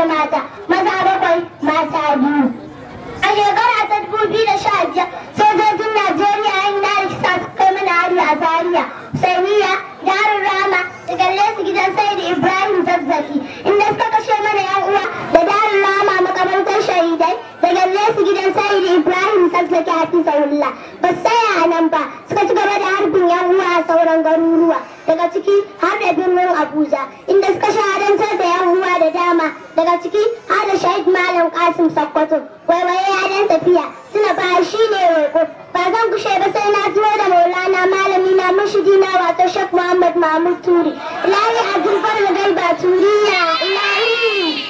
da mata maza bakwai mata biyu a shekara ta dubu biyu da sha biyar sojojin najeriya yan dari sa su kai mana hari a Zariya, saniya darun rama da galle su gidan sai ibrahim zazzaki inda suka kashe mana yan uwa da darun rama makamantar shahidai da galle su gidan sai da ibrahim zazzaki hafizahullah ba su tsaya a nan ba suka ci gaba da harbin yan uwa a sauran garuruwa daga ciki har da birnin abuja inda suka shahadantar da daga ciki har da shahid malam kasim sakkwato waiwaye ya tafiya suna ba shi ne roƙo ba zan kushe ba sai na tuwo da maulana malami na mashidi na wato shek muhammad mahmud turi layi a zurfar da ba turiya ilahi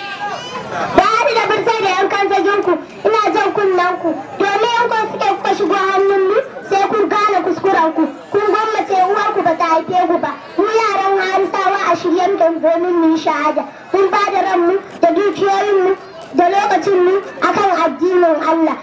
ba da birtai da yan zaginku ina jan kunnanku domin yankon suke kuka shigo hannunmu sai kun gane kuskurenku kun gwammace uwarku ba ta haife ku ba mu yaran harisawa a shirye don gomin mu shahada mun ba da ranmu dukiyoyinmu da lokacinmu akan addinin Allah.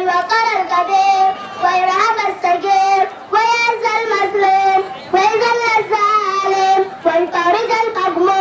الوقار الكبير وإرهاب الصغير ويعز المظلوم ويذل الظالم ويطارد القبول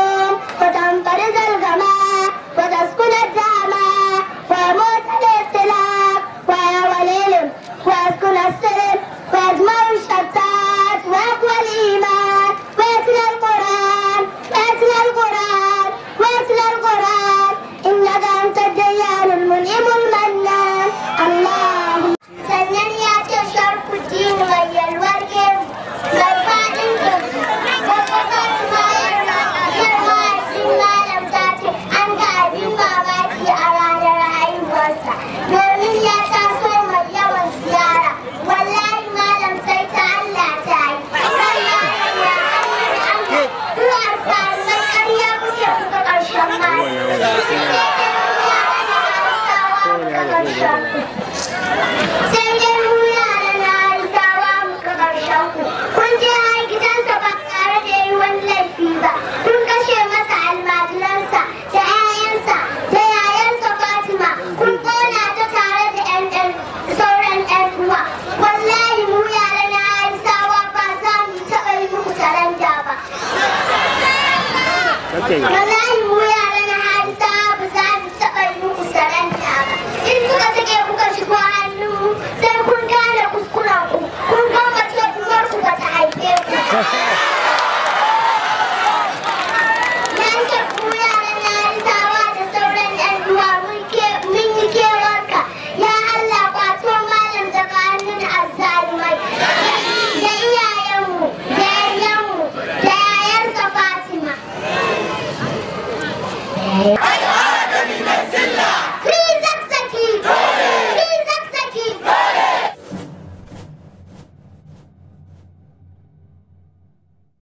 Sai dai mu yaran na Harisawa muka bar shanku. Kun je har gidansa ba tare da yi wani laifi ba. Kun kashe masa almajiransa da 'ya'yansa da yayansa Fatima. Kun kona ta tare da sauran 'yan uwa. Wallahi mu yaran na Harisawa ba za mu taɓa yi muku taranda ba.